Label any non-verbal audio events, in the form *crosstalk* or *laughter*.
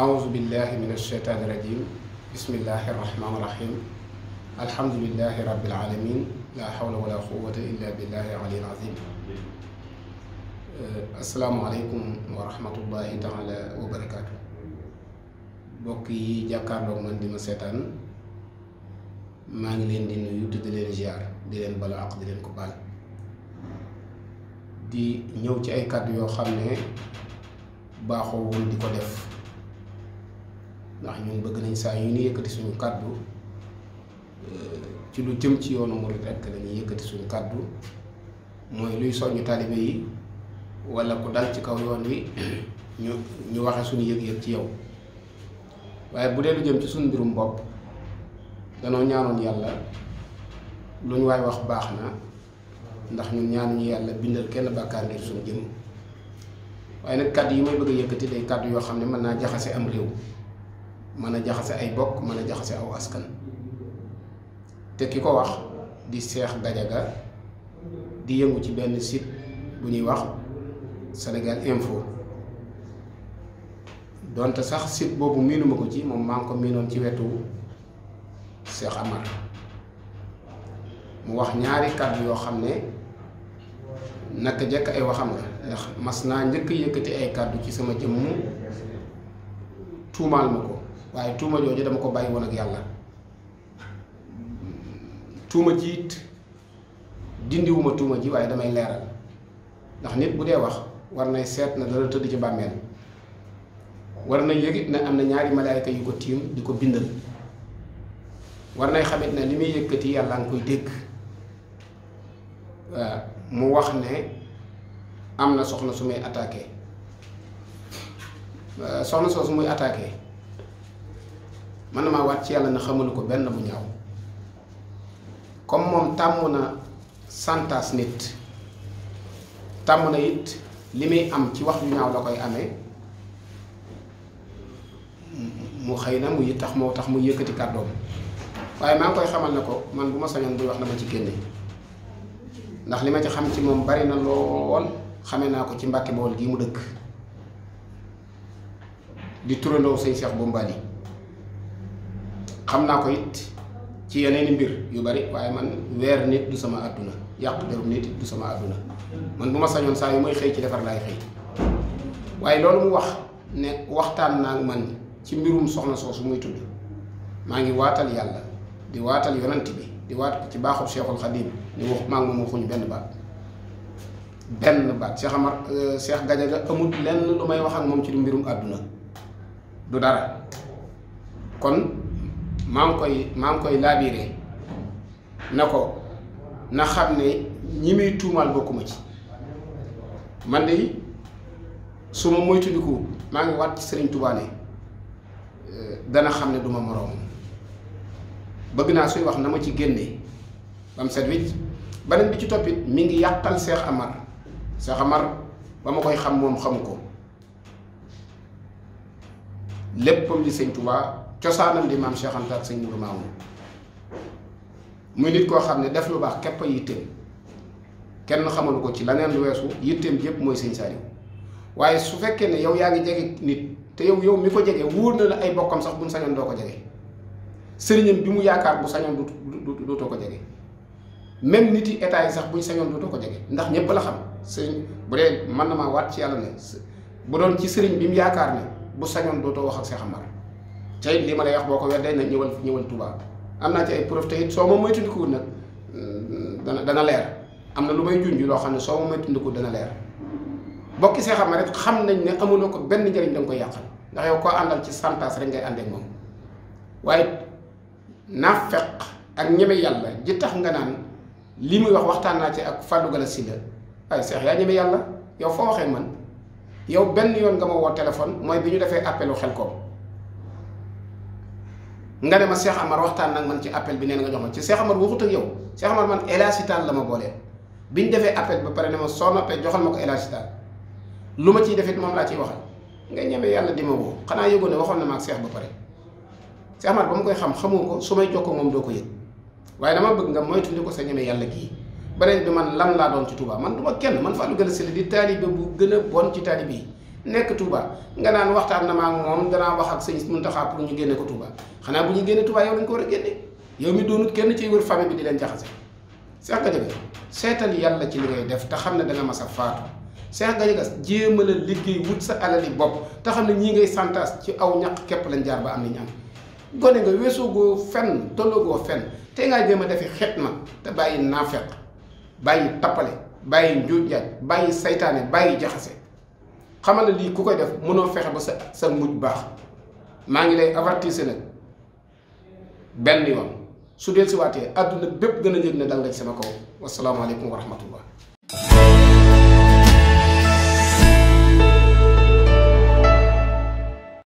أعوذ بالله من الشيطان الرجيم بسم الله الرحمن الرحيم الحمد لله رب العالمين لا حول ولا قوة إلا بالله العلي العظيم السلام عليكم ورحمة الله تعالى وبركاته mbokk yi jàkkaarloo man di ma seetaan maa ngi leen di nuyu te di leen ziar di leen bala ak di leen ko baal di ñëw ci ay kàddu yoo xam ne baaxoo woon di ko def ndax ñun bëgg nañ saa yu ñu yëkkati suñu kàddu ci lu jëm ci yoonu murit rekk nañu yëkkati suñu kàddu mooy luy soññu taalibe yi walla ku dal ci kaw yoon wi *clears throat* ñu waxe suñu yëg-yëg ci yow waaye bu dee lu jëm ci suñu mbirum bopp danoo ñaanoon yàlla lu ñu waay wax baax na ndax ñun ñaanuñu yàlla bindal kenn bàkkaar ngir suñu jëm waaye nag kàddu yi may bëgg a yëkkati day kàddu yoo xam ne mën naa jaxase am réew mën a jaxase ay bokk mën a jaxase aw askan te ki ko wax di Cheikh Gadiaga di yëngu ci benn site bu ñuy wax senegal Info donte sax sit boobu miinuma ko ci moom maa ngi ko miinoon ci wetu Cheikh Amar mu wax ñaari kàddu yoo xam ne naka jëkk ay waxam la ndax mas naa njëkk yëkkati ay kàddu ci sama jëmm tuumaal ma ko waaye tuuma jooju dama ko bàyyi woon ak yàlla tuuma jiit it dindiwuma tuuma ji waaye damay leeral ndax nit bu dee wax war nay seet na dara tëdd ci bàmmeel war na yëgit ne am na ñaari malaayka yu ko tiim di ko bindal war nay xamit ne li muy yëkkati yàlla nga koy dégg mu wax ne am na soxna su muy attaqué soxna soosu muy attaqué man na maa waat ci yàlla na xamalu ko benn bu ñaaw comme moom tàmm na santaas nit tàmm na it li muy am ci wax yu ñaaw la koy amee mu xëy na mu yi tax moo tax mu yëkkati kàddoom waaye maa koy xamal ne ko man bu ma sañoon buy wax na ma ci génne ndax li ma ci xam ci moom bari na lool xame naa ko ci Mbàkke Bawol gi mu dëkk di turandoo sëñ Cheikh Bombali xam naa ko it ci yeneeni mbir yu bari waaye man weer nit du sama àdduna yàq derum nit du sama àdduna man bu ma sañoon saa yu may xëy ci defar laay xëy waaye loolu mu wax ne waxtaan naa man ci mbirum soxna soosu muy tudd maa ngi waatal yàlla di waatal yonent bi di waat ko ci baaxul Cheikhul Khadim ni wax maa ngi moom waxuñu benn baat benn baat Cheikh Amar euh, Cheikh Gadiaga amut lenn lu may wax ak moom ci mbirum àdduna du dara kon maa koy maa ngi koy laabiré na ko na xam ne ñi muy tuumaal bokkuma ci man de su ma moytandiku maa ngi waat ci sëriñ Tuubaa ne eh, dana xam ne duma ma moroom bëgg naa suy wax na ma ci génne ba mu set wicc beneen bi ci toppit mi ngi yàqal seex Amar Cheikh Amar ba ma koy xam moom xamu ko léppam li sëñ Tuubaa cosaanam di maam Cheikh Anta sëñ Mourou Mamoun muy nit koo xam ne def lu baax képp a kenn xamalu ko ci leneen lu weesu yitteem yépp mooy sëñ waaye su fekkee ne yow yaa ngi jege nit te yow yow mi ko jege wóor na la ay bokkam sax buñ sañoon doo ko jege sëriñam bi mu yaakaar bu sañoon du dootoo ko jege même nit yi état sax buñ sañoon dootoo ko jege ndax ñëpp la xam sëriñ bu dee mën na maa waat ci yàlla ne bu doon ci sëriñ bi mu yaakaar ne bu sañoon dootoo wax ak te it lii ma la wax boo ko weddee nag ñëwal ñëwal Touba am naa ci ay preuve te it soo ma moytandikuwul nag euh, dana dana leer am na lu may junj loo xam ne soo ma moytandikuwul dana leer bokki see xam ne rek xam nañ ne amuloo ko benn njëriñ da nga koy yàqal ndax yow koo àndal ci santaas rek ngay àndeek moom waaye naafeq ak ñeme yàlla ji tax nga naan li muy wax waxtaan naa ci ak Fallou Gala Sylla waaye seex yaa ñeme yàlla yow foo waxee man yow benn yoon nga ma woo mooy bi ñu defee appelu xel ko nga ne ma Cheikh waxtaan nag man ci appel bi neen nga jox ma ci Cheikh Amar waxut ak yow Cheikh man El Hadj Tall la ma booleel bi ñu defee appel ba pare ne ma soo noppee joxal ma ko El Hadj Tall lu ma ciy def defit moom laa ciy waxal nga ñeme yàlla di ma woo xanaa yëgoon ne waxoon na ma ak Cheikh ba pare Cheikh ba mu koy xam xamoo ko su may ko moom doo ko yëg waaye dama bëgg nga moytu moytundi ko sa ñeme yàlla kii beneen bi man lan laa doon ci Touba man du ma kenn man Fallou Galasse Syll di taalibe gën a bon ci taalibe yi nekk Touba nga naan waxtaan na ma ak moom danaa wax ak sëñ Muntaxa pour ñu génne ko Touba xanaa bu ñuy génnee Touba yow lañ ko war a génne yow mi doonut kenn ciy wër famille bi di leen jaxase Cheikh Gadiaga seetal yàlla ci li ngay def te xam ne danga mas a faatu Cheikh Gadiaga jéemal la liggéey wut sa alali bopp te xam ne ñii ngay santaas ci aw ñaq képp lañ jaar ba am nañ am gone nga weesoogoo fenn tolloogoo fenn te ngaa jéem a defi xet ma te bàyyi naafeq bàyyi tappale bàyyi njuuj njaaj bàyyi seytaane bàyyi jaxase xamal na lii ku koy def mënoo fexe ba sa sa mujj baax maa ngi lay avertir nag benn yoon su dee si waatee àdduna bépp gën a yëg ne dal nga sama kaw wasalaamaaleykum wa